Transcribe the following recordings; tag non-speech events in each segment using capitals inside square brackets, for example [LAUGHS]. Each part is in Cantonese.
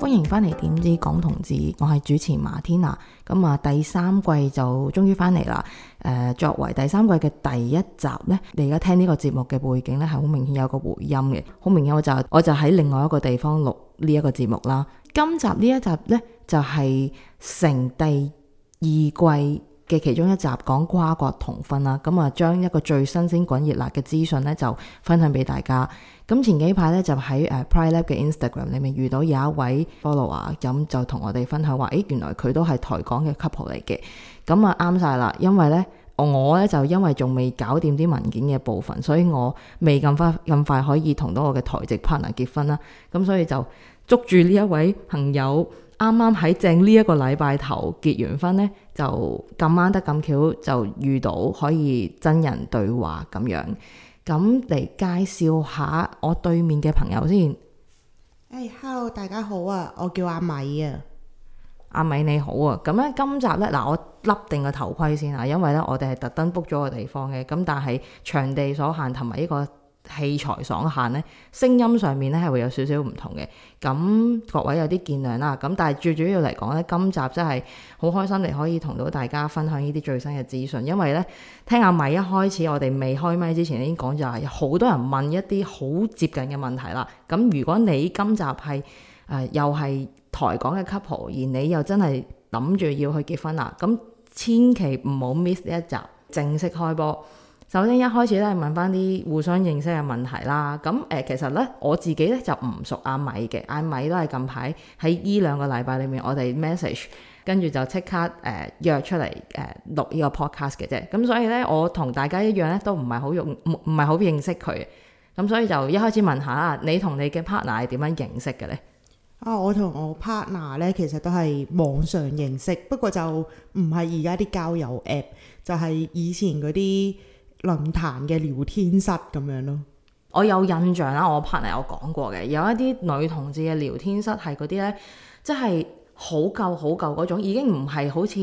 歡迎翻嚟《點知港同志》，我係主持馬天娜。咁啊，第三季就終於翻嚟啦。誒，作為第三季嘅第一集呢，你而家聽呢個節目嘅背景呢，係好明顯有個回音嘅，好明顯我就我就喺另外一個地方錄呢一個節目啦。今集呢一集呢，就係成第二季，嘅其中一集講跨國同婚啦，咁啊將一個最新鮮滾熱辣嘅資訊咧就分享俾大家。咁前幾排咧就喺誒 Pride Lab 嘅 Instagram 裏面遇到有一位 follower，咁就同我哋分享話，誒原來佢都係台港嘅 couple 嚟嘅。咁啊啱晒啦，因為咧我咧就因為仲未搞掂啲文件嘅部分，所以我未咁快咁快可以同到我嘅台籍 partner 結婚啦。咁所以就捉住呢一位朋友。啱啱喺正呢一個禮拜頭結完婚呢，就咁啱得咁巧就遇到可以真人對話咁樣，咁嚟介紹下我對面嘅朋友先。Hey, Hello，大家好啊，我叫阿米啊，阿米你好啊，咁、嗯、咧今集呢，嗱，我笠定個頭盔先啊，因為呢，我哋係特登 book 咗個地方嘅，咁但係場地所限同埋呢個。器材爽限咧，聲音上面咧係會有少少唔同嘅。咁各位有啲見諒啦。咁但係最主要嚟講咧，今集真係好開心你可以同到大家分享呢啲最新嘅資訊。因為咧，聽阿米一開始我哋未開麥之前已經講就係好多人問一啲好接近嘅問題啦。咁如果你今集係誒、呃、又係台港嘅 couple，而你又真係諗住要去結婚啦，咁千祈唔好 miss 呢一集正式開波。首先一開始都係問翻啲互相認識嘅問題啦。咁、嗯、誒，其實咧我自己咧就唔熟阿米嘅，阿米都係近排喺呢兩個禮拜裡面我哋 message，跟住就即刻誒、呃、約出嚟誒、呃、錄呢個 podcast 嘅啫。咁、嗯、所以咧，我同大家一樣咧都唔係好用唔係好認識佢，咁、嗯、所以就一開始問下你同你嘅 partner 係點樣認識嘅咧？啊，我同我 partner 咧其實都係網上認識，不過就唔係而家啲交友 app，就係以前嗰啲。論壇嘅聊天室咁樣咯，我有印象啦。我 partner 有講過嘅，有一啲女同志嘅聊天室係嗰啲呢，即係好舊好舊嗰種，已經唔係好似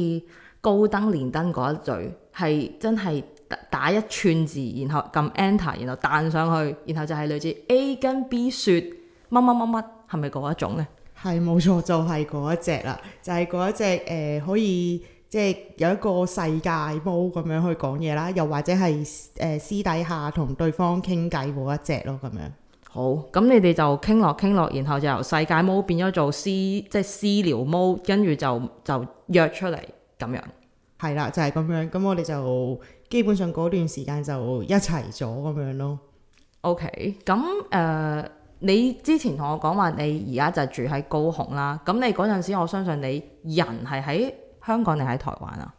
高登連登嗰一類，係真係打一串字，然後撳 Enter，然後彈上去，然後就係類似 A 跟 B 説乜乜乜乜，係咪嗰一種呢？係冇錯，就係、是、嗰一隻啦，就係、是、嗰一隻誒、就是呃，可以。即係有一個世界模咁樣去講嘢啦，又或者係誒私底下同對方傾偈嗰一隻咯，咁樣。好，咁你哋就傾落傾落，然後就由世界模變咗做私，即係私聊模，跟住就就約出嚟咁樣。係啦，就係、是、咁樣。咁我哋就基本上嗰段時間就一齊咗咁樣咯。OK，咁誒、呃，你之前同我講話你而家就住喺高雄啦。咁你嗰陣時，我相信你人係喺香港定喺台灣啊？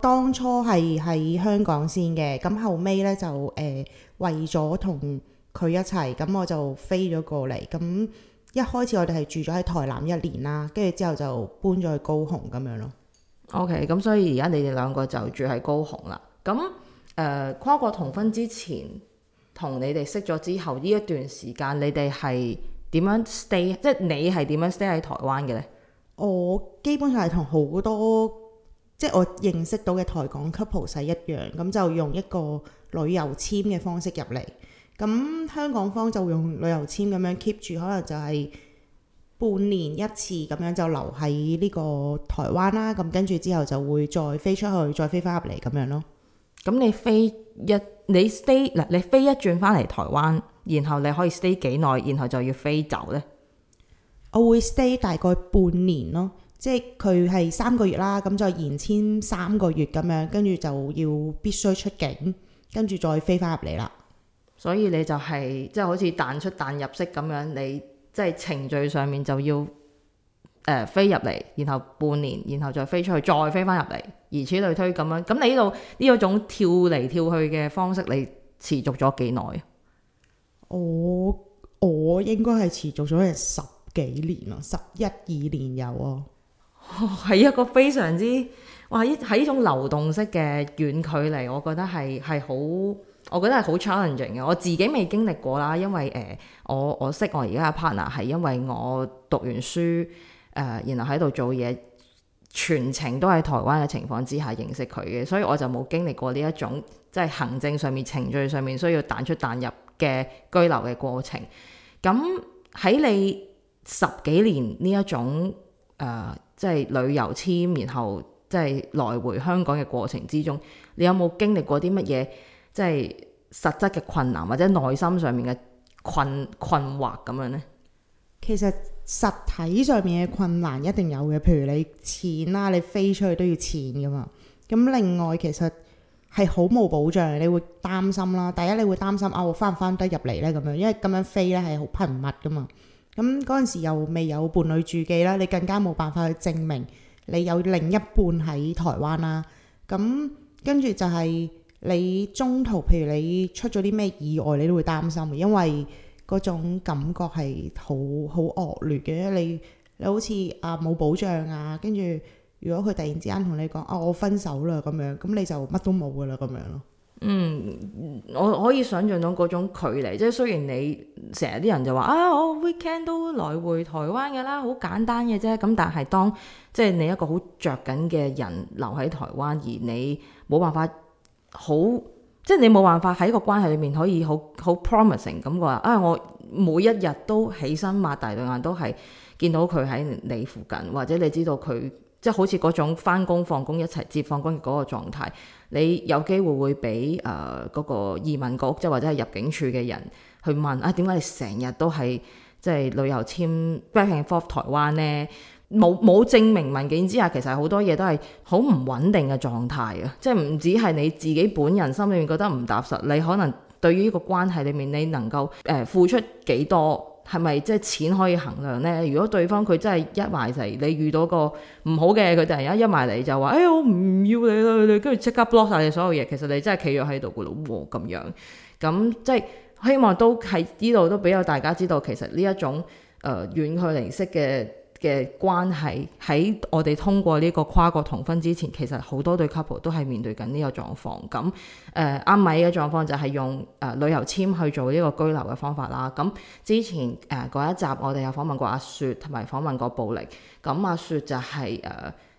當初係喺香港先嘅，咁後尾呢就誒、呃、為咗同佢一齊，咁我就飛咗過嚟。咁一開始我哋係住咗喺台南一年啦，跟住之後就搬咗去高雄咁樣咯。OK，咁所以而家你哋兩個就住喺高雄啦。咁誒、呃、跨國同婚之前，同你哋識咗之後，呢一段時間你哋係點樣 stay？即係你係點樣 stay 喺台灣嘅呢？我基本上係同好多即係我認識到嘅台港 couple 仔一樣，咁就用一個旅遊簽嘅方式入嚟，咁香港方就用旅遊簽咁樣 keep 住，可能就係半年一次咁樣就留喺呢個台灣啦，咁跟住之後就會再飛出去，再飛翻入嚟咁樣咯。咁你飛一你 stay 嗱、呃，你飛一轉翻嚟台灣，然後你可以 stay 幾耐，然後就要飛走呢？我會 stay 大概半年咯，即係佢係三個月啦，咁就延簽三個月咁樣，跟住就要必須出境，跟住再飛翻入嚟啦。所以你就係即係好似彈出彈入式咁樣，你即係程序上面就要誒、呃、飛入嚟，然後半年，然後再飛出去，再飛翻入嚟，以此類推咁樣。咁你呢度呢一種跳嚟跳去嘅方式，你持續咗幾耐啊？我我應該係持續咗係十幾年啊，十一二年有哦，係、哦、一個非常之哇！喺呢種流動式嘅遠距離，我覺得係係好，我覺得係好 challenging 嘅。我自己未經歷過啦，因為誒、呃，我我識我而家嘅 partner 係因為我讀完書誒、呃，然後喺度做嘢，全程都喺台灣嘅情況之下認識佢嘅，所以我就冇經歷過呢一種即係、就是、行政上面、程序上面需要彈出彈入嘅居留嘅過程。咁喺你十幾年呢一種誒、呃，即係旅遊簽，然後即係來回香港嘅過程之中，你有冇經歷過啲乜嘢？即係實質嘅困難，或者內心上面嘅困困惑咁樣呢？其實實體上面嘅困難一定有嘅，譬如你錢啦，你飛出去都要錢㗎嘛。咁另外其實係好冇保障，你會擔心啦。第一，你會擔心啊，我返唔返得入嚟呢咁樣，因為咁樣飛咧係好頻密㗎嘛。咁嗰陣時又未有伴侶註記啦，你更加冇辦法去證明你有另一半喺台灣啦。咁跟住就係你中途，譬如你出咗啲咩意外，你都會擔心，因為嗰種感覺係好好惡劣嘅。你你好似啊冇保障啊，跟住如果佢突然之間同你講啊，我分手啦咁樣，咁你就乜都冇噶啦咁樣咯。嗯，我可以想像到嗰種距離，即係雖然你成日啲人就話啊，我 weekend 都來回台灣嘅啦，好簡單嘅啫。咁但係當即係你一個好着緊嘅人留喺台灣，而你冇辦法好，即係你冇辦法喺個關係裡面可以好好 promising 咁話啊，我每一日都起身擘大對眼都係見到佢喺你附近，或者你知道佢。即係好似嗰種返工放工一齊接放工嗰個狀態，你有機會會俾誒嗰個移民局，即或者係入境處嘅人去問啊，點解你成日都係即係旅遊簽 back and forth 台灣呢？冇冇證明文件之下，其實好多嘢都係好唔穩定嘅狀態啊！即係唔止係你自己本人心裏面覺得唔踏實，你可能對於呢個關係裡面，你能夠誒、呃、付出幾多？係咪即係錢可以衡量呢？如果對方佢真係一埋嚟，你遇到個唔好嘅，佢突然間一埋嚟就話，哎，我唔要你啦！你跟住即刻 block 曬你所有嘢。其實你真係企咗喺度嘅咯喎，咁樣咁即係希望都喺呢度都畀到大家知道，其實呢一種誒遠距離式嘅。嘅關係，喺我哋通過呢個跨國同婚之前，其實好多對 couple 都係面對緊呢個狀況。咁誒，阿米嘅狀況就係用誒旅遊簽去做呢個居留嘅方法啦。咁之前誒嗰一集我哋有訪問過阿雪，同埋訪問過暴力。咁阿雪就係誒，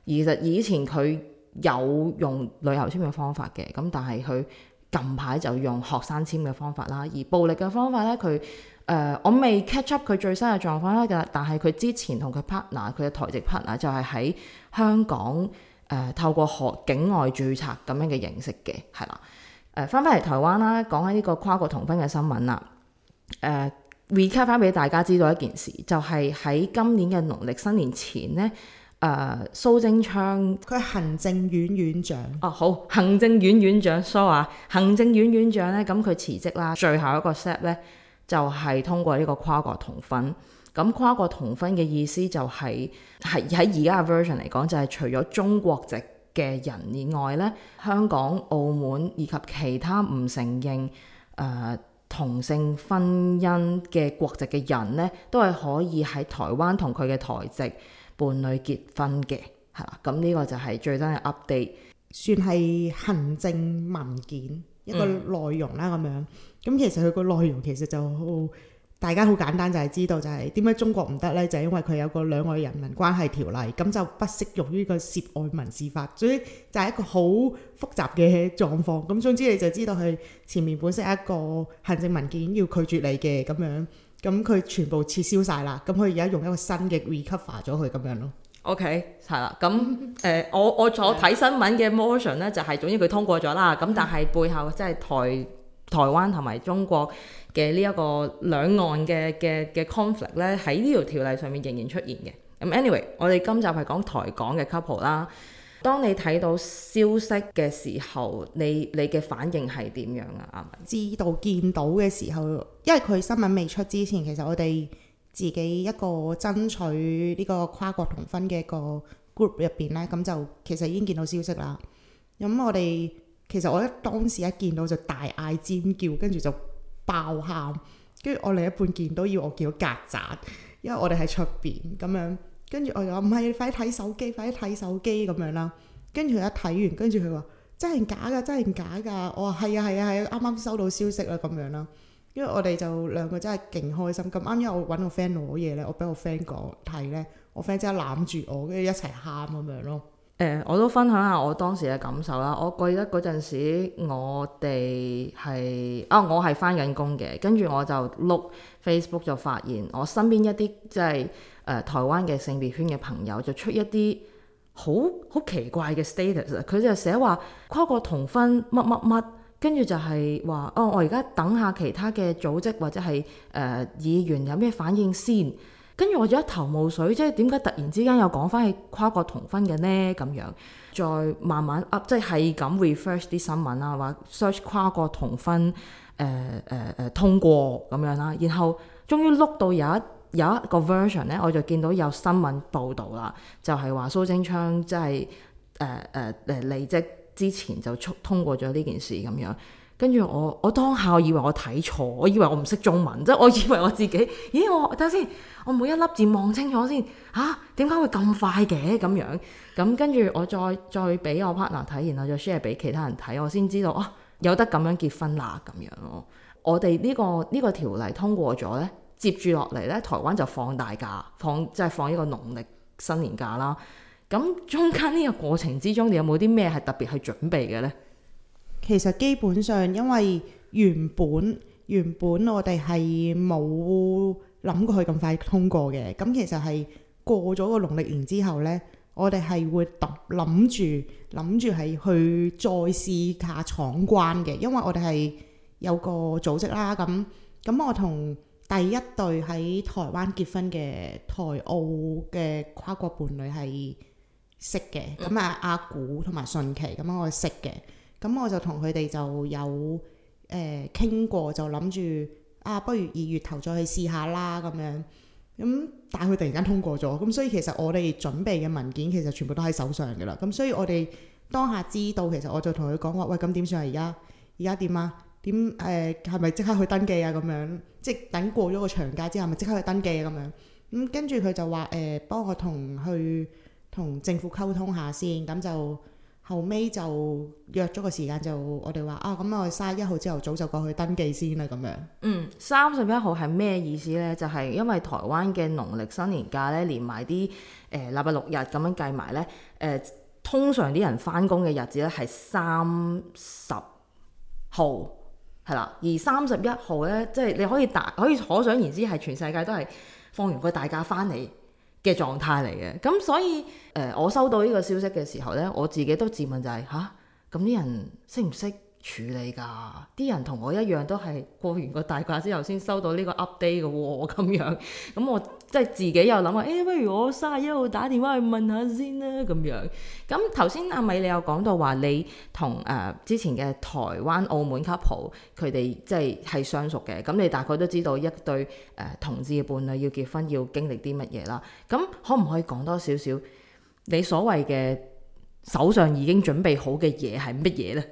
其實以前佢有用旅遊簽嘅方法嘅，咁但係佢近排就用學生簽嘅方法啦。而暴力嘅方法咧，佢。誒、呃，我未 catch up 佢最新嘅狀況啦，但係佢之前同佢 partner，佢嘅台籍 partner 就係喺香港誒、呃，透過學境外註冊咁樣嘅形式嘅，係啦。誒、呃，翻返嚟台灣啦，講緊呢個跨國同婚嘅新聞啦。誒，recall 翻俾大家知道一件事，就係、是、喺今年嘅農曆新年前呢，誒、呃，蘇貞昌佢行政院院長。哦、啊，好，行政院院長，sorry，、啊、行政院院長呢，咁佢辭職啦，最後一個 set 呢。就係通過呢個跨國同婚，咁跨國同婚嘅意思就係係喺而家嘅 version 嚟講，在在就係除咗中國籍嘅人以外咧，香港、澳門以及其他唔承認誒、呃、同性婚姻嘅國籍嘅人咧，都係可以喺台灣同佢嘅台籍伴侶結婚嘅，係啦。咁呢個就係最新嘅 update 算係行政文件、嗯、一個內容啦，咁樣。咁其實佢個內容其實就好、哦，大家好簡單，就係知道就係點解中國唔得呢？就係、是、因為佢有個兩岸人民關係條例，咁就不適用於個涉外民事法，所以就係一個好複雜嘅狀況。咁總之你就知道佢前面本身一個行政文件要拒絕你嘅咁樣，咁佢全部撤銷晒啦。咁佢而家用一個新嘅 recover 咗佢咁樣咯。OK，係啦。咁誒、呃， [LAUGHS] 我我我睇新聞嘅 motion 呢、就是，就係總之佢通過咗啦。咁 [LAUGHS] 但係背後即係台。台灣同埋中國嘅呢一個兩岸嘅嘅嘅 conflict 咧，喺呢條條例上面仍然出現嘅。咁 anyway，我哋今集係講台港嘅 couple 啦。當你睇到消息嘅時候，你你嘅反應係點樣啊？知道見到嘅時候，因為佢新聞未出之前，其實我哋自己一個爭取呢個跨國同婚嘅一個 group 入邊呢，咁就其實已經見到消息啦。咁我哋。其實我一當時一見到就大嗌尖叫，跟住就爆喊，跟住我另一半見到要我叫曱甴，因為我哋喺出邊咁樣，跟住我就話唔係，你快啲睇手機，快啲睇手機咁樣啦。跟住佢一睇完，跟住佢話真係假㗎，真係假㗎。我話係啊，係啊，係啊，啱啱收到消息啦咁樣啦。因為我哋就兩個真係勁開心咁啱，因為我揾我 friend 攞嘢呢，我俾我 friend 講睇呢，我 friend 即刻攬住我，跟住一齊喊咁樣咯。誒、嗯，我都分享下我當時嘅感受啦。我記得嗰陣時我、哦，我哋係啊，我係返緊工嘅，跟住我就碌 Facebook 就發現，我身邊一啲即係誒台灣嘅性別圈嘅朋友就出一啲好好奇怪嘅 status，佢就寫話跨國同婚乜乜乜，跟住就係話哦，我而家等下其他嘅組織或者係誒、呃、議員有咩反應先。跟住我就一頭霧水，即係點解突然之間又講返係跨國同婚嘅呢？咁樣再慢慢 up，即係係咁 refresh 啲新聞啦，話 search 跨國同婚誒誒誒通過咁樣啦，然後終於碌到有一有一個 version 咧，我就見到有新聞報導啦，就係話蘇貞昌、就是呃呃、即係誒誒誒離職之前就通通過咗呢件事咁樣。跟住我，我當下我以為我睇錯，我以為我唔識中文，即係我以為我自己，咦？我等先，我每一粒字望清楚先，嚇點解會咁快嘅咁樣？咁跟住我再再俾我 partner 睇，然後再 share 俾其他人睇，我先知道啊，有得咁樣結婚啦咁樣。我我哋呢個呢個條例通過咗呢，接住落嚟呢，台灣就放大假，放即係放一個農曆新年假啦。咁中間呢個過程之中，你有冇啲咩係特別去準備嘅呢？其實基本上，因為原本原本我哋係冇諗過去咁快通過嘅，咁其實係過咗個農曆年之後呢，我哋係會諗住諗住係去再試下闖關嘅，因為我哋係有個組織啦。咁咁，我同第一對喺台灣結婚嘅台澳嘅跨國伴侶係識嘅，咁啊、嗯、阿古同埋順琪，咁我識嘅。咁我就同佢哋就有誒傾、呃、過，就諗住啊，不如二月頭再去試下啦咁樣。咁但係佢突然間通過咗，咁所以其實我哋準備嘅文件其實全部都喺手上嘅啦。咁所以我哋當下知道，其實我就同佢講話，喂，咁點算啊？而家而家點啊？點誒係咪即刻去登記啊？咁樣即等過咗個長假之後，咪即刻去登記啊？咁樣咁跟住佢就話誒、呃，幫我同去同政府溝通下先，咁就。後尾就約咗個時間，就我哋話啊，咁我三十一號之後早就過去登記先啦，咁樣。嗯，三十一號係咩意思呢？就係、是、因為台灣嘅農曆新年假呢，連埋啲誒禮拜六日咁樣計埋、呃、呢，誒通常啲人翻工嘅日子咧係三十號，係啦，而三十一號呢，即、就、係、是、你可以大，可以可想而知係全世界都係放完個大假翻嚟嘅狀態嚟嘅，咁所以誒，我收到呢個消息嘅時候呢，我自己都自問就係，吓，咁啲人識唔識？處理㗎，啲人同我一樣都係過完個大假之後先收到呢個 update 嘅喎，咁樣，咁我即係自己又諗話，誒、欸，不如我三十一號打電話去問下先啦，咁樣。咁頭先阿米又講到你有講到話你同誒之前嘅台灣澳門 couple 佢哋即係係相熟嘅，咁你大概都知道一對誒、呃、同志嘅伴侶要結婚要經歷啲乜嘢啦。咁可唔可以講多少少你所謂嘅手上已經準備好嘅嘢係乜嘢呢？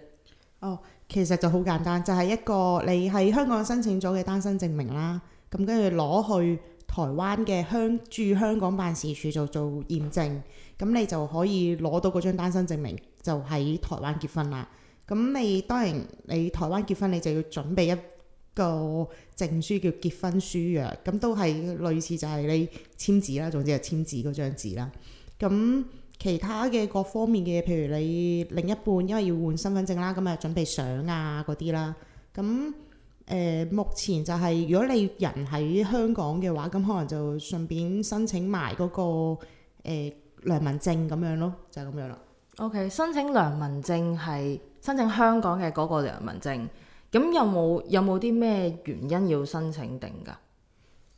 哦，oh，其實就好簡單，就係、是、一個你喺香港申請咗嘅單身證明啦，咁跟住攞去台灣嘅香駐香港辦事處就做驗證，咁你就可以攞到嗰張單身證明，就喺台灣結婚啦。咁你當然你台灣結婚，你就要準備一個證書叫結婚書約，咁都係類似就係你簽字啦，總之係簽字嗰張紙啦，咁。其他嘅各方面嘅，譬如你另一半，因為要換身份證啦，咁誒準備相啊嗰啲啦。咁誒、呃、目前就係、是、如果你人喺香港嘅話，咁可能就順便申請埋、那、嗰個、呃、良民證咁樣咯，就係、是、咁樣啦。O、okay, K，申請良民證係申請香港嘅嗰個良民證，咁有冇有冇啲咩原因要申請定㗎？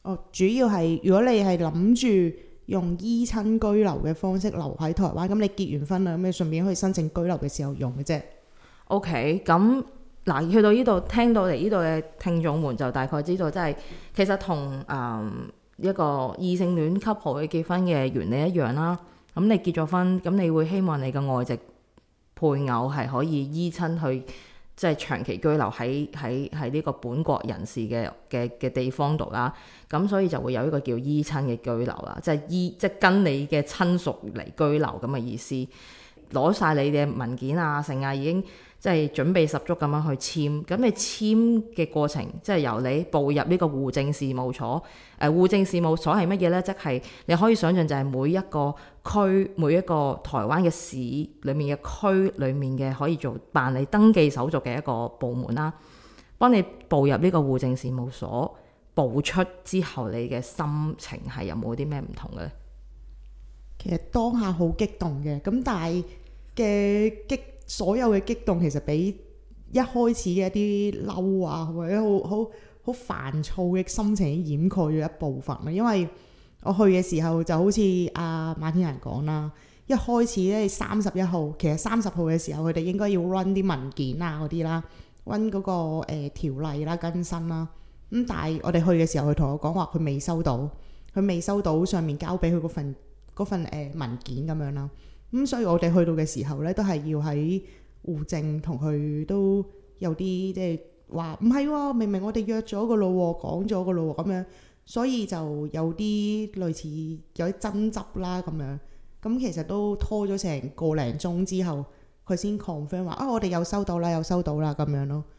哦，主要係如果你係諗住。用依親居留嘅方式留喺台灣，咁你結完婚啦，咁你順便可以申請居留嘅時候用嘅啫。OK，咁嗱，去到呢度聽到嚟呢度嘅聽眾們就大概知道真，即係其實同誒、嗯、一個異性戀 couple 結婚嘅原理一樣啦。咁你結咗婚，咁你會希望你嘅外籍配偶係可以依親去。即係長期居留喺喺喺呢個本國人士嘅嘅嘅地方度啦，咁所以就會有一個叫依親嘅居留啦，即係依即係跟你嘅親屬嚟居留咁嘅意思，攞晒你嘅文件啊，剩啊已經。即係準備十足咁樣去簽，咁你簽嘅過程，即係由你步入呢個戶政事務所，誒、呃，戶政事務所係乜嘢呢？即係你可以想象就係每一個區、每一個台灣嘅市裡面嘅區裡面嘅可以做辦理登記手續嘅一個部門啦。幫你步入呢個戶政事務所，步出之後你嘅心情係有冇啲咩唔同嘅呢？其實當下好激動嘅，咁但係嘅、呃、激所有嘅激動其實俾一開始嘅一啲嬲啊或者好好好煩躁嘅心情掩蓋咗一部分啦。因為我去嘅時候就好似阿、啊、馬天娜講啦，一開始咧三十一號其實三十號嘅時候佢哋應該要 run 啲文件啊嗰啲啦，run 嗰、嗰個條、呃、例啦、啊、更新啦、啊。咁但係我哋去嘅時候，佢同我講話佢未收到，佢未收到上面交俾佢嗰份份誒文件咁樣啦。咁、嗯、所以我哋去到嘅時候呢，都係要喺戶政同佢都有啲即係話唔係，明明我哋約咗個咯，講咗個咯咁樣，所以就有啲類似有啲爭執啦咁樣。咁其實都拖咗成個零鐘之後，佢先 confirm 話啊，我哋又收到啦，又收到啦咁樣咯。樣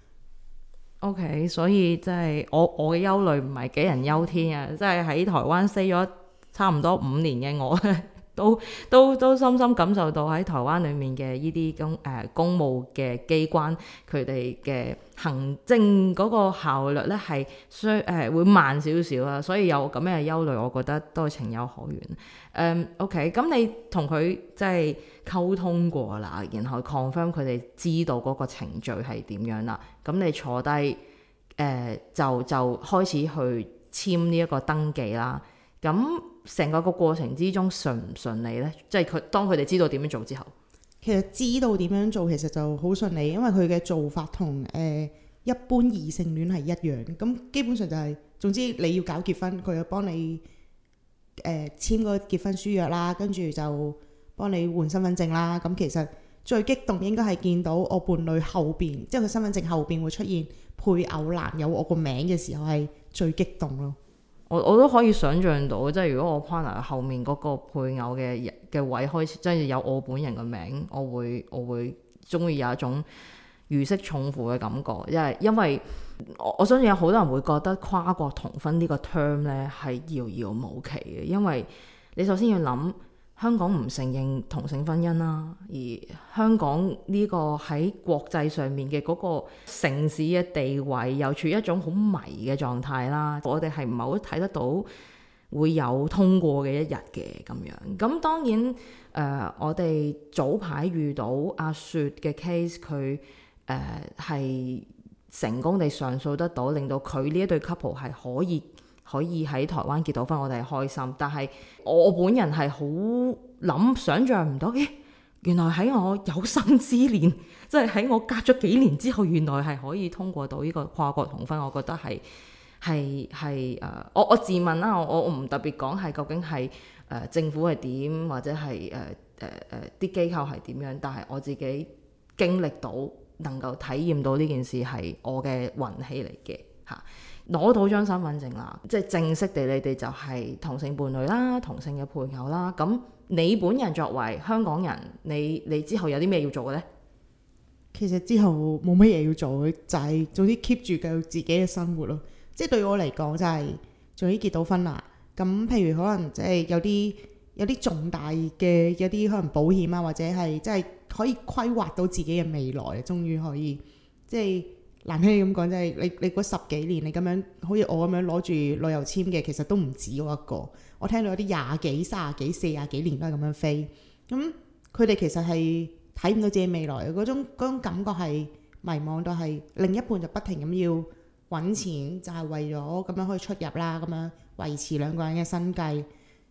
OK，所以真、就、係、是、我我嘅憂慮唔係杞人憂天啊，即係喺台灣死咗差唔多五年嘅我。 [LAUGHS] 都都都深深感受到喺台灣裡面嘅呢啲公誒、呃、公務嘅機關，佢哋嘅行政嗰個效率咧係需誒會慢少少啦，所以有咁樣嘅憂慮，我覺得都係情有可原。誒、嗯、OK，咁你同佢即係溝通過啦，然後 confirm 佢哋知道嗰個程序係點樣啦，咁你坐低誒、呃、就就開始去簽呢一個登記啦，咁、嗯。成個個過程之中順唔順利呢？即係佢當佢哋知道點樣做之後，其實知道點樣做，其實就好順利，因為佢嘅做法同誒、呃、一般異性戀係一樣。咁、嗯、基本上就係、是，總之你要搞結婚，佢就幫你誒簽、呃、個結婚書約啦，跟住就幫你換身份證啦。咁、嗯、其實最激動應該係見到我伴侶後邊，即係佢身份證後邊會出現配偶欄有我個名嘅時候，係最激動咯。我我都可以想象到，即係如果我跨納後面嗰個配偶嘅嘅位開始，真係有我本人嘅名，我會我會中意有一種如釋重負嘅感覺，因為因為我我相信有好多人會覺得跨國同婚呢個 term 咧係遙遙無期嘅，因為你首先要諗。香港唔承認同性婚姻啦，而香港呢個喺國際上面嘅嗰個城市嘅地位又處於一種好迷嘅狀態啦。我哋係唔係好睇得到會有通過嘅一日嘅咁樣？咁當然誒、呃，我哋早排遇到阿雪嘅 case，佢誒係成功地上訴得到，令到佢呢一對 couple 係可以。可以喺台灣結到婚，我哋係開心。但係我本人係好諗想像唔到嘅，原來喺我有生之年，即係喺我隔咗幾年之後，原來係可以通過到呢個跨國同婚。我覺得係係係誒，我我自問啦，我我唔特別講係究竟係誒、呃、政府係點，或者係誒誒誒啲機構係點樣。但係我自己經歷到，能夠體驗到呢件事係我嘅運氣嚟嘅。嚇，攞到張身份證啦，即係正式地你哋就係同性伴侶啦，同性嘅配偶啦。咁你本人作為香港人，你你之後有啲咩要做嘅呢？其實之後冇乜嘢要做，就係早啲 keep 住夠自己嘅生活咯。即係對我嚟講，就是，就係早啲結到婚啦。咁譬如可能即係有啲有啲重大嘅一啲可能保險啊，或者係即係可以規劃到自己嘅未來啊。終於可以即係。難聽啲咁講，即係你你嗰十幾年，你咁樣好似我咁樣攞住旅遊簽嘅，其實都唔止我一個。我聽到有啲廿幾、三十幾、四十幾年都係咁樣飛咁。佢哋其實係睇唔到自己未來嘅嗰種嗰種感覺係迷茫，到係另一半就不停咁要揾錢，就係為咗咁樣可以出入啦，咁樣維持兩個人嘅生計。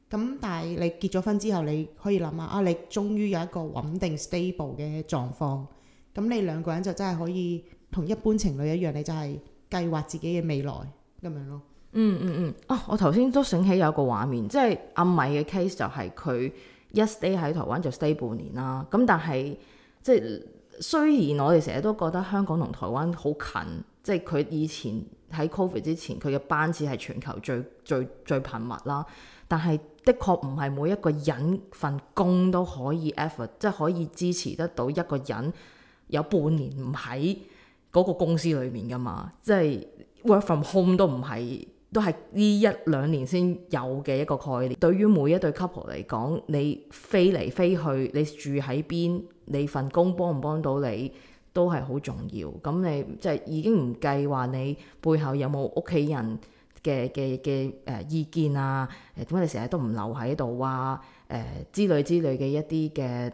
咁但係你結咗婚之後，你可以諗下啊，你終於有一個穩定 stable 嘅狀況，咁你兩個人就真係可以。同一般情侶一樣，你就係計劃自己嘅未來咁樣咯。嗯嗯嗯，啊、嗯哦，我頭先都醒起有一個畫面，即係阿米嘅 case 就係佢一 stay 喺台灣就 stay 半年啦。咁但係即係雖然我哋成日都覺得香港同台灣好近，即係佢以前喺 COVID 之前，佢嘅班次係全球最最最頻密啦。但係的確唔係每一個人份工都可以 effort，即係可以支持得到一個人有半年唔喺。嗰個公司裏面㗎嘛，即係 work from home 都唔係，都係呢一兩年先有嘅一個概念。對於每一對 couple 嚟講，你飛嚟飛去，你住喺邊，你份工幫唔幫到你，都係好重要。咁你即係已經唔計話你背後有冇屋企人嘅嘅嘅誒意見啊？誒點解你成日都唔留喺度啊？誒、呃、之類之類嘅一啲嘅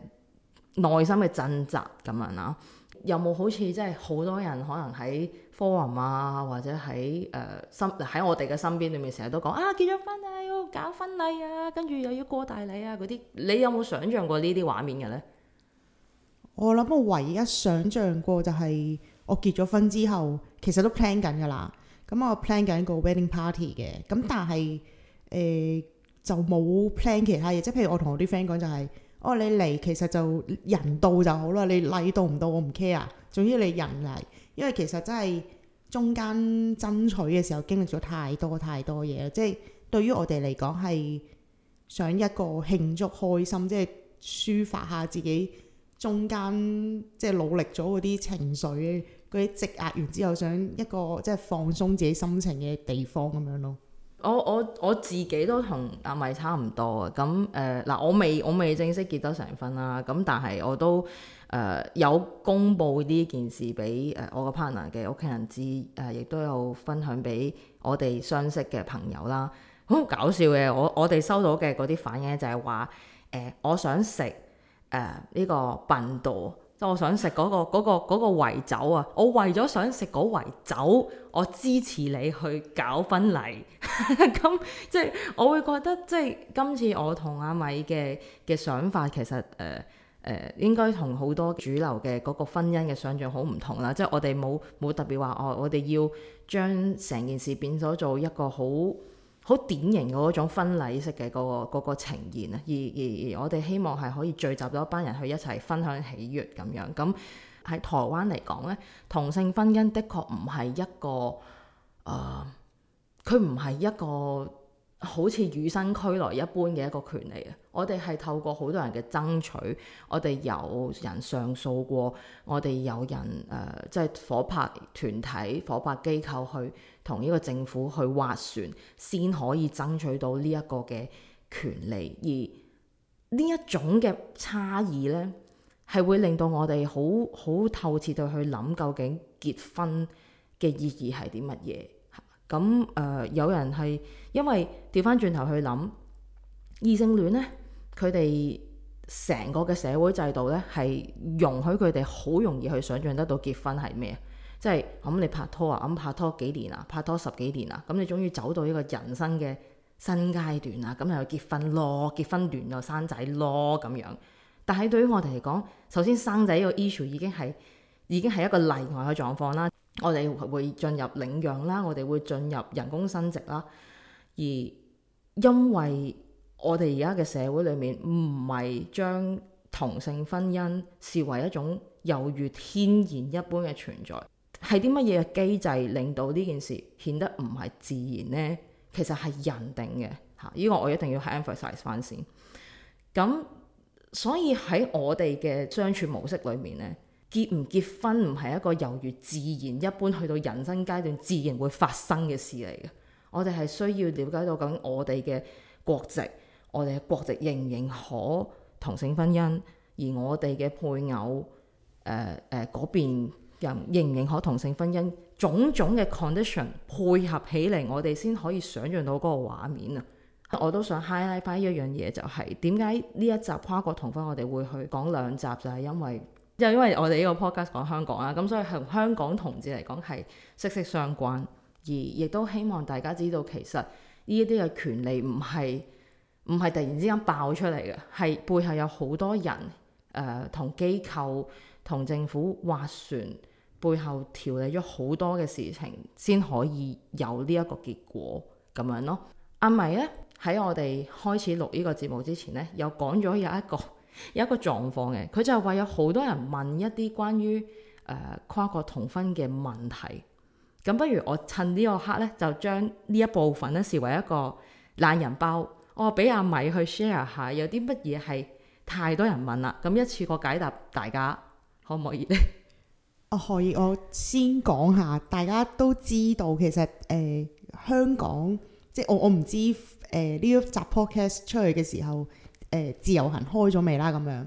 內心嘅掙扎咁樣啦、啊。有冇好似即係好多人可能喺 forum 啊，或者喺誒身喺我哋嘅身邊裏面，成日都講啊結咗婚啊要搞婚禮啊，跟住又要過大禮啊嗰啲，你有冇想象過呢啲畫面嘅呢？我諗我唯一想象過就係我結咗婚之後，其實都 plan 緊噶啦。咁我 plan 緊個 wedding party 嘅，咁但係誒、呃、就冇 plan 其他嘢，即係譬如我同我啲 friend 講就係、是。哦，你嚟其實就人到就好啦，你禮到唔到我唔 care。總之你人嚟，因為其實真係中間爭取嘅時候經歷咗太多太多嘢，即係對於我哋嚟講係想一個慶祝開心，即係抒發下自己中間即係努力咗嗰啲情緒嗰啲積壓完之後，想一個即係放鬆自己心情嘅地方咁樣咯。我我我自己都同阿米差唔多啊，咁誒嗱，我未我未正式結得成婚啦，咁、啊、但係我都誒、呃、有公布呢件事俾誒、呃、我個 partner 嘅屋企人知，誒、啊、亦都有分享俾我哋相識嘅朋友啦。好、啊、搞笑嘅，我我哋收到嘅嗰啲反應就係話誒，我想食誒呢個笨度。我想食嗰個嗰個嗰個圍酒啊！我為咗想食嗰圍酒，我支持你去搞婚禮。咁 [LAUGHS] 即係我會覺得，即係今次我同阿米嘅嘅想法，其實誒誒、呃呃、應該同好多主流嘅嗰個婚姻嘅想象好唔同啦。即係我哋冇冇特別話、哦，我我哋要將成件事變咗做一個好。好典型嘅嗰種婚禮式嘅嗰個嗰個呈現啊，而而我哋希望係可以聚集到一班人去一齊分享喜悅咁樣。咁喺台灣嚟講呢，同性婚姻的確唔係一個誒，佢唔係一個好似與生俱來一般嘅一個權利啊。我哋係透過好多人嘅爭取，我哋有人上訴過，我哋有人誒，即係火拍團體、火拍機構去。同呢個政府去划船，先可以爭取到呢一個嘅權利。而呢一種嘅差異呢，係會令到我哋好好透徹地去諗，究竟結婚嘅意義係啲乜嘢？咁、嗯、誒、呃，有人係因為掉返轉頭去諗異性戀呢，佢哋成個嘅社會制度呢，係容許佢哋好容易去想像得到結婚係咩？即係咁、嗯、你拍拖啊，咁拍拖幾年啊，拍拖，幾拍拖十幾年啊，咁、嗯、你終於走到呢個人生嘅新階段啊，咁、嗯、又結婚咯，結婚完又生仔咯咁樣。但係對於我哋嚟講，首先生仔呢個 issue 已經係已經係一個例外嘅狀況啦。我哋會進入領養啦，我哋會進入人工生殖啦。而因為我哋而家嘅社會裏面唔係將同性婚姻視為一種猶如天然一般嘅存在。係啲乜嘢嘅機制令到呢件事顯得唔係自然呢？其實係人定嘅嚇，呢、呢個我一定要係 emphasize 翻先。咁所以喺我哋嘅相處模式裏面呢，結唔結婚唔係一個猶如自然一般去到人生階段自然會發生嘅事嚟嘅。我哋係需要了解到究竟我哋嘅國籍，我哋嘅國籍認唔認可同性婚姻，而我哋嘅配偶誒誒嗰邊，呃呃人認唔認可同性婚姻，種種嘅 condition 配合起嚟，我哋先可以想象到嗰個畫面啊！ [MUSIC] 我都想 highlight 返一樣嘢，就係，就係點解呢一集跨國同婚我哋會去講兩集，就係、係、因為因為我哋呢個 podcast 講香港啊，咁所以同香港同志嚟講係息息相關，而亦都希望大家知道，其實呢一啲嘅權利唔係唔係突然之間爆出嚟嘅，係背後有好多人誒同、呃、機構同政府劃船。背後調理咗好多嘅事情，先可以有呢一個結果咁樣咯。阿米呢，喺我哋開始錄呢個節目之前呢，又講咗有一個有一個狀況嘅，佢就話有好多人問一啲關於誒、呃、跨國同婚嘅問題。咁不如我趁呢個刻呢，就將呢一部分呢視為一個懶人包，我、哦、俾阿米去 share 下，有啲乜嘢係太多人問啦，咁一次過解答大家可唔可以呢？我可以我先講下，大家都知道其實誒、呃、香港即係我我唔知誒呢、呃、一集 podcast 出去嘅時候誒、呃、自由行開咗未啦咁樣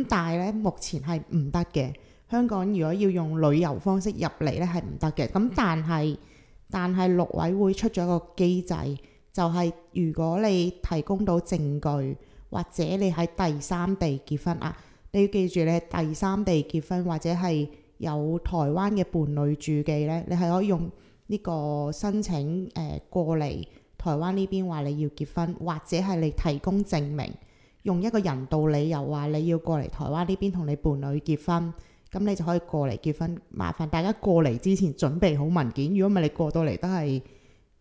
咁，但係呢目前係唔得嘅。香港如果要用旅遊方式入嚟呢，係唔得嘅。咁但係但係，陸委會出咗個機制，就係、是、如果你提供到證據，或者你喺第三地結婚啊，你要記住你喺第三地結婚或者係。有台灣嘅伴侶住記呢，你係可以用呢個申請誒過嚟台灣呢邊話你要結婚，或者係你提供證明，用一個人道理由話你要過嚟台灣呢邊同你伴侶結婚，咁你就可以過嚟結婚。麻煩大家過嚟之前準備好文件，如果唔係你過到嚟都係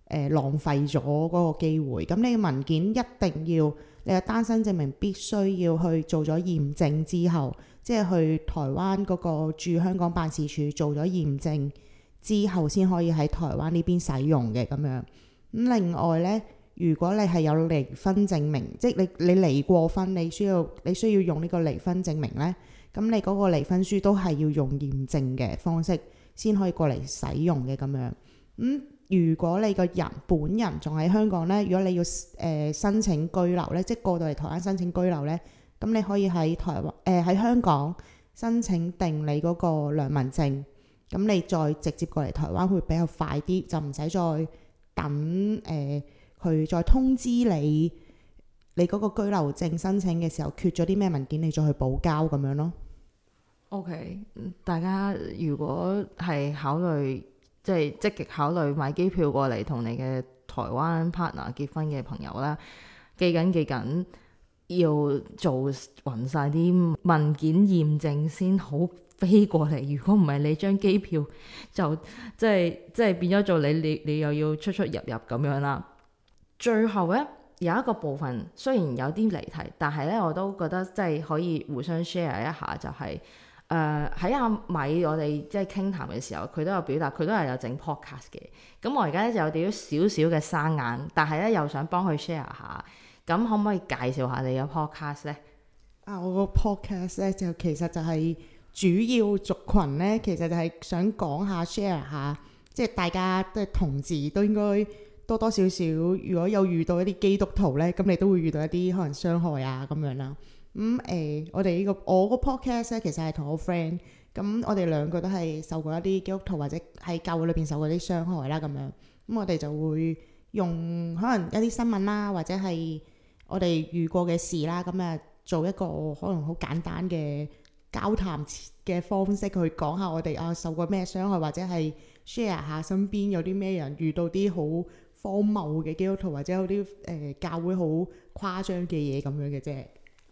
誒浪費咗嗰個機會。咁你嘅文件一定要你嘅單身證明必須要去做咗驗證之後。即係去台灣嗰個駐香港辦事處做咗驗證之後，先可以喺台灣呢邊使用嘅咁樣。咁另外呢，如果你係有離婚證明，即係你你離過婚，你需要你需要用呢個離婚證明呢。咁你嗰個離婚書都係要用驗證嘅方式先可以過嚟使用嘅咁樣。咁、嗯、如果你個人本人仲喺香港呢，如果你要誒、呃、申請居留呢，即係過到嚟台灣申請居留呢。咁你可以喺台灣，誒、呃、喺香港申請定你嗰個良民證，咁你再直接過嚟台灣會比較快啲，就唔使再等，誒、呃、佢再通知你你嗰個居留證申請嘅時候缺咗啲咩文件，你再去補交咁樣咯。OK，大家如果係考慮，即係積極考慮買機票過嚟同你嘅台灣 partner 結婚嘅朋友啦，記緊記緊。要做完晒啲文件驗證先好飛過嚟，如果唔係你張機票就即係即係變咗做你你你又要出出入入咁樣啦。最後咧有一個部分雖然有啲離題，但係咧我都覺得即係可以互相 share 一下，就係誒喺阿米我哋即係傾談嘅時候，佢都有表達，佢都係有整 podcast 嘅。咁我而家咧就有啲少少嘅生眼，但係咧又想幫佢 share 下。咁可唔可以介紹下你嘅 podcast 咧？啊，我個 podcast 咧就其實就係主要族群咧，其實就係想講下 share 下，即係大家都係同志，都應該多多少少，如果有遇到一啲基督徒咧，咁你都會遇到一啲可能傷害啊咁樣啦。咁、嗯、誒、哎，我哋、這個、呢個我個 podcast 咧，其實係同我 friend，咁我哋兩個都係受過一啲基督徒或者喺教會裏邊受過啲傷害啦咁樣。咁我哋就會用可能一啲新聞啦，或者係～我哋遇過嘅事啦，咁誒做一個可能好簡單嘅交談嘅方式去講下我哋啊受過咩傷害，或者係 share 下身邊有啲咩人遇到啲好荒謬嘅基督徒，或者有啲誒、呃、教會好誇張嘅嘢咁樣嘅啫。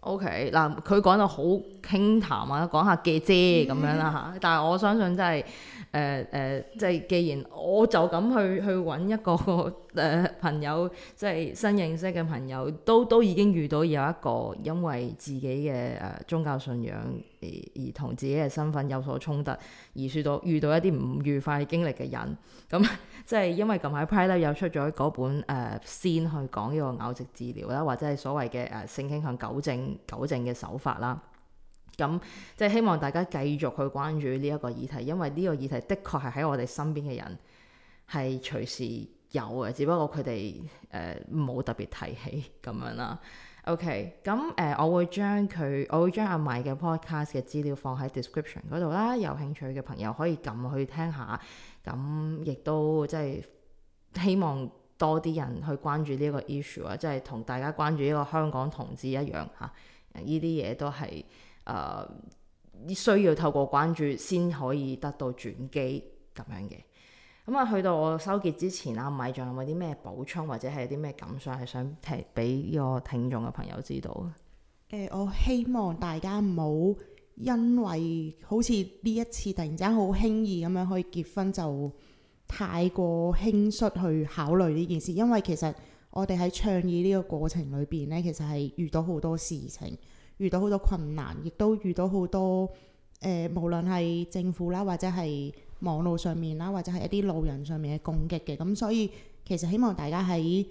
O K 嗱，佢講到好輕談啊，講下嘅啫咁樣啦嚇，但係我相信真係誒誒，即係既然我就咁去去揾一個誒、呃、朋友，即係新認識嘅朋友，都都已經遇到有一個因為自己嘅誒宗教信仰。而同自己嘅身份有所衝突，而說到遇到一啲唔愉快嘅經歷嘅人，咁即係因為近排派咧又出咗嗰本誒、呃、先去講呢個拗直治療啦，或者係所謂嘅誒、呃、性傾向糾正糾正嘅手法啦，咁、嗯、即係希望大家繼續去關注呢一個議題，因為呢個議題的確係喺我哋身邊嘅人係隨時有嘅，只不過佢哋誒冇特別提起咁樣啦。OK，咁誒、呃，我會將佢，我會將阿米嘅 podcast 嘅資料放喺 description 嗰度啦。有興趣嘅朋友可以撳去聽下。咁亦都即係希望多啲人去關注呢個 issue 啊，即係同大家關注呢個香港同志一樣嚇。呢啲嘢都係誒、呃、需要透過關注先可以得到轉機咁樣嘅。咁啊，去到我收結之前啦，咪仲有冇啲咩補充或者係有啲咩感想係想提俾呢個聽眾嘅朋友知道？誒、呃，我希望大家唔好因為好似呢一次突然間好輕易咁樣可以結婚，就太過輕率去考慮呢件事。因為其實我哋喺倡議呢個過程裏邊呢，其實係遇到好多事情，遇到好多困難，亦都遇到好多誒、呃，無論係政府啦，或者係，網絡上面啦，或者係一啲路人上面嘅攻擊嘅，咁所以其實希望大家喺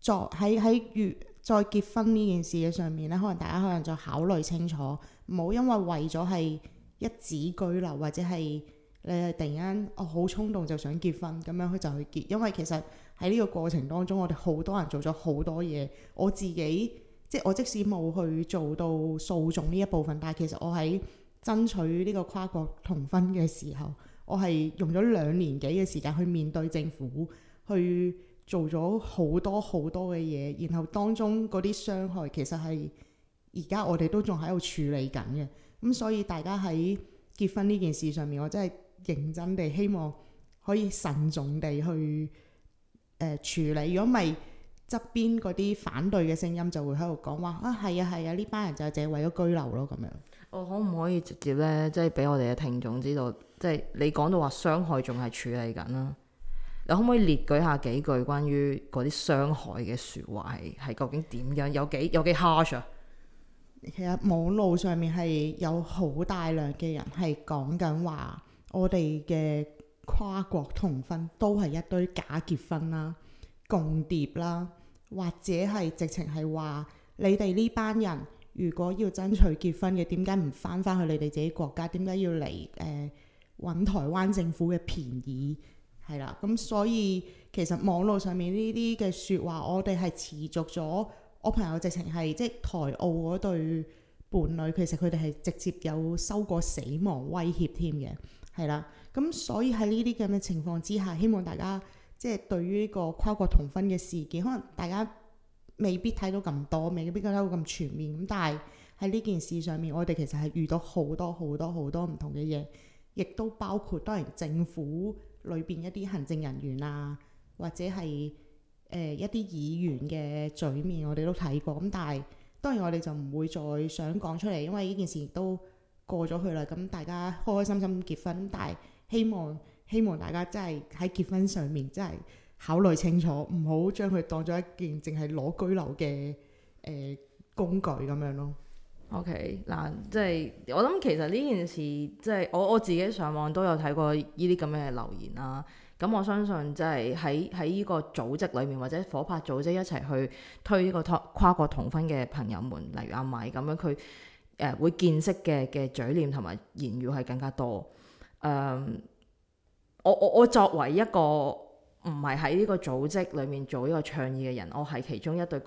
在喺喺越再結婚呢件事嘅上面呢，可能大家可能就考慮清楚，唔好因為為咗係一紙居留或者係你突然間哦好衝動就想結婚，咁樣佢就去結，因為其實喺呢個過程當中，我哋好多人做咗好多嘢。我自己即係我即使冇去做到訴訟呢一部分，但係其實我喺爭取呢個跨國同婚嘅時候。我係用咗兩年幾嘅時間去面對政府，去做咗好多好多嘅嘢，然後當中嗰啲傷害其實係而家我哋都仲喺度處理緊嘅。咁、嗯、所以大家喺結婚呢件事上面，我真係認真地希望可以慎重地去誒、呃、處理。如果唔係側邊嗰啲反對嘅聲音就會喺度講話啊，係啊係啊，呢、啊、班人就係為咗居留咯咁樣。我、哦、可唔可以直接咧，即係俾我哋嘅聽眾知道？即係你講到話傷害仲係處理緊啦、啊，你可唔可以列舉下幾句關於嗰啲傷害嘅說話係係究竟點樣？有幾有幾 harsh 啊？其實網路上面係有好大量嘅人係講緊話，我哋嘅跨國同婚都係一堆假結婚啦、共諜啦，或者係直情係話你哋呢班人如果要爭取結婚嘅，點解唔翻翻去你哋自己國家？點解要嚟誒？呃搵台灣政府嘅便宜係啦，咁所以其實網路上面呢啲嘅説話，我哋係持續咗。我朋友直情係即係台澳嗰對伴侶，其實佢哋係直接有收過死亡威脅添嘅，係啦。咁所以喺呢啲咁嘅情況之下，希望大家即係、就是、對於呢個跨國同婚嘅事件，可能大家未必睇到咁多，未必睇到咁全面。咁但係喺呢件事上面，我哋其實係遇到好多好多好多唔同嘅嘢。亦都包括當然政府裏邊一啲行政人員啊，或者係誒、呃、一啲議員嘅嘴面，我哋都睇過。咁但係當然我哋就唔會再想講出嚟，因為呢件事都過咗去啦。咁大家開開心心結婚，但係希望希望大家真係喺結婚上面真係考慮清楚，唔好將佢當咗一件淨係攞居留嘅誒、呃、工具咁樣咯。O K 嗱，即係我諗，其實呢件事，即係我我自己上網都有睇過呢啲咁嘅留言啦。咁、啊、我相信，即係喺喺呢個組織裏面，或者火拍組織一齊去推呢個跨跨國同婚嘅朋友們，例如阿米咁樣，佢、呃、誒會見識嘅嘅嘴臉同埋言語係更加多。誒、嗯，我我我作為一個唔係喺呢個組織裏面做呢個倡議嘅人，我係其中一對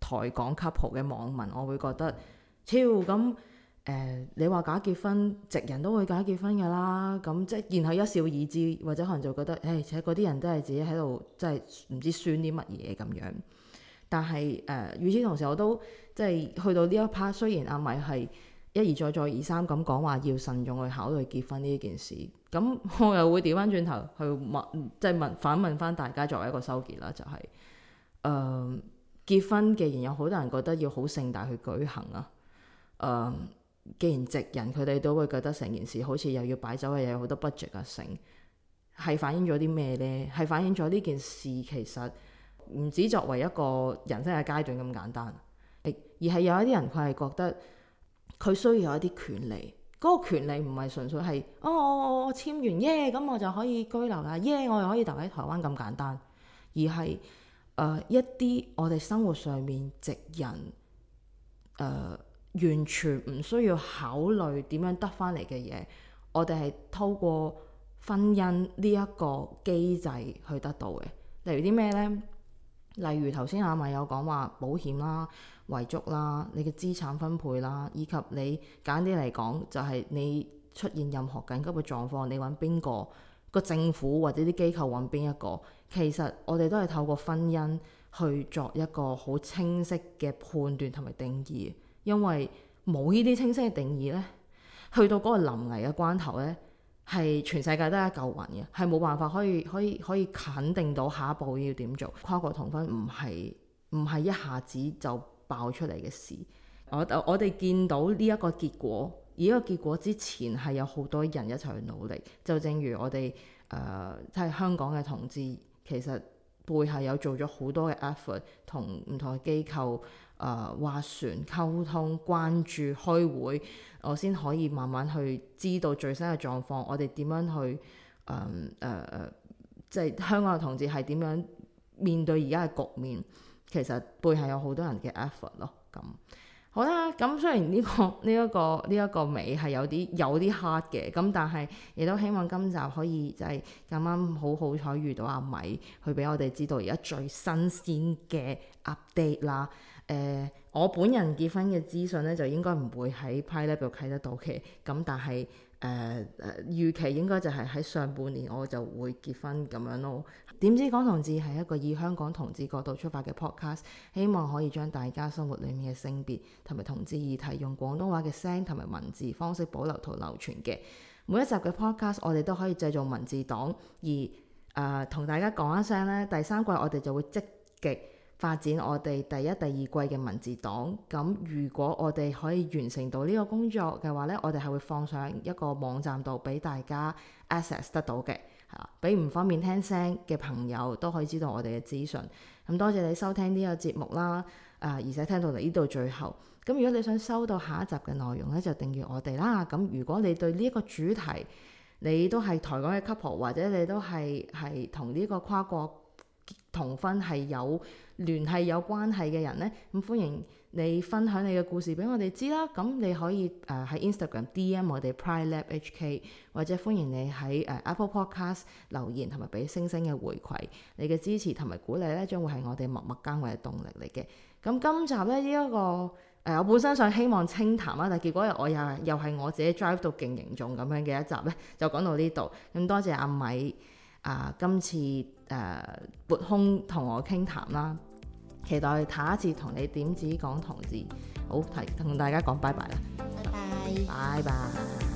台港 couple 嘅網民，我會覺得。超咁誒、呃，你話假結婚，直人都會假結婚㗎啦。咁即係然後一笑置之，或者可能就覺得誒，且嗰啲人都係自己喺度，即係唔知算啲乜嘢咁樣。但係誒，與、呃、此同時，我都即係去到呢一 part，雖然阿米係一而再再，再而三咁講話要慎重去考慮結婚呢件事，咁我又會調翻轉頭去問，即係問反問翻大家作為一個收結啦，就係、是、誒、呃、結婚，既然有好多人覺得要好盛大去舉行啊。誒，既然直人佢哋都會覺得成件事好似又要擺酒，又有好多 budget 啊，成係反映咗啲咩呢？係反映咗呢件事其實唔止作為一個人生嘅階段咁簡單，而而係有一啲人佢係覺得佢需要有一啲權利，嗰個權利唔係純粹係哦，我我我簽完耶，咁我就可以居留啦，耶，我就可以留喺台灣咁簡單，而係誒，一啲我哋生活上面直人誒，完全唔需要考慮點樣得返嚟嘅嘢，我哋係透過婚姻呢一個機制去得到嘅。例如啲咩呢？例如頭先阿咪有講話保險啦、遺囑啦、你嘅資產分配啦，以及你簡單啲嚟講，就係你出現任何緊急嘅狀況，你揾邊個個政府或者啲機構揾邊一個。其實我哋都係透過婚姻去作一個好清晰嘅判斷同埋定義。因為冇呢啲清晰嘅定義呢，去到嗰個臨危嘅關頭呢，係全世界都一嚿雲嘅，係冇辦法可以可以可以肯定到下一步要點做。跨國同婚唔係唔係一下子就爆出嚟嘅事。我我哋見到呢一個結果，而、這、呢個結果之前係有好多人一齊去努力。就正如我哋誒即係香港嘅同志，其實背後有做咗好多嘅 effort，同唔同嘅機構。誒、呃、話船溝通、關注開會，我先可以慢慢去知道最新嘅狀況。我哋點樣去誒誒即係香港嘅同志係點樣面對而家嘅局面？其實背後有好多人嘅 effort 咯。咁好啦，咁雖然呢個呢一個呢一個尾係有啲有啲 hard 嘅，咁但係亦都希望今集可以就係咁啱好好彩遇到阿米，去俾我哋知道而家最新鮮嘅 update 啦。誒、呃，我本人結婚嘅資訊咧，就應該唔會喺 p i l a b e 睇得到嘅。咁但係誒誒，預期應該就係喺上半年我就會結婚咁樣咯。點講同志係一個以香港同志角度出發嘅 Podcast，希望可以將大家生活裡面嘅性別同埋同志議題，用廣東話嘅聲同埋文字方式保留同流傳嘅。每一集嘅 Podcast 我哋都可以製造文字檔，而誒、呃、同大家講一聲咧，第三季我哋就會積極。發展我哋第一、第二季嘅文字檔，咁如果我哋可以完成到呢個工作嘅話呢，我哋係會放上一個網站度俾大家 access 得到嘅，係俾唔方便聽聲嘅朋友都可以知道我哋嘅資訊。咁多謝、謝你收聽呢個節目啦，啊，而且聽到嚟呢度最後，咁如果你想收到下一集嘅內容呢，就訂住我哋啦。咁如果你對呢一個主題，你都係台港嘅 couple，或者你都係係同呢個跨國同婚係有聯繫有關係嘅人咧，咁歡迎你分享你嘅故事俾我哋知啦。咁你可以誒喺 Instagram DM 我哋 PrideLabHK，或者歡迎你喺誒 Apple Podcast 留言同埋俾星星嘅回饋，你嘅支持同埋鼓勵咧，將會係我哋默默耕耘嘅動力嚟嘅。咁今集咧呢一、呢個誒、呃，我本身想希望清談啦，但係結果我又又係我自己 drive 到勁嚴重咁樣嘅一集咧，就講到呢度。咁多謝阿米。啊！今次誒、啊、撥空同我傾談，談啦，期待下一次同你點子講同志。好，提同大家講拜拜啦，拜拜，拜拜。